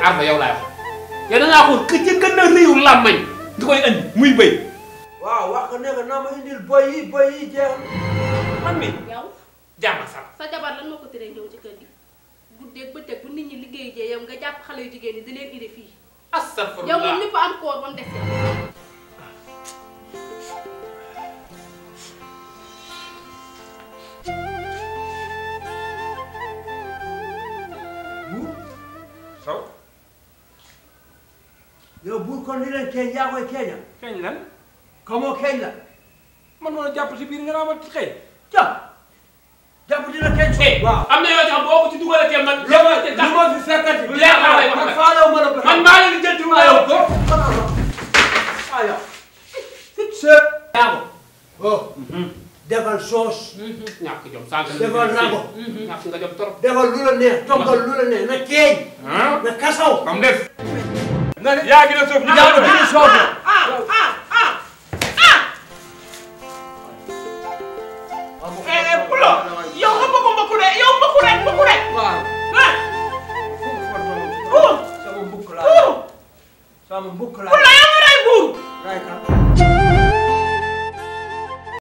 waxoon arme yow laay wax yow da ngaa xool que ca gën a réew làmmañ nga koy andi muy béy. waaw wax nga ne ko naa ma yi boy yi jeex man mi yow jàmm sa jabar lan moo ko teree ñëw ci kër gi guddeeg bëccëg bu nit ñi liggéey jee yow nga jàpp xale yu jigéen ñi di leen indi fii. astafurlah yow moom ñëpp am koor ba mu des Saw yow buur kon li leen keeñ yaa e koy keeñal. keeñ lan. kamoo keeñ man ma jàpp si biir nga naa eh, ma xëy. jàpp jàpp dina keeñ soo. waaw ci dugalee ma fi fekkati. lu leer laa lay wax man faalewu ma la ko. man maa di jënd ma yow. Oh. Mm-hmm. defal soos. Mm-hmm. defal nago. Mm-hmm. ñàkk nga jom trop. defal lu la na keeñ. Ah. na kasaw. yaa gën a soof yaa gën a soof pulo yow nga bëgg mbokku de yow mbokku de mbokku de sama mbokk laa sama mbokk laa pulo yow nga rey buur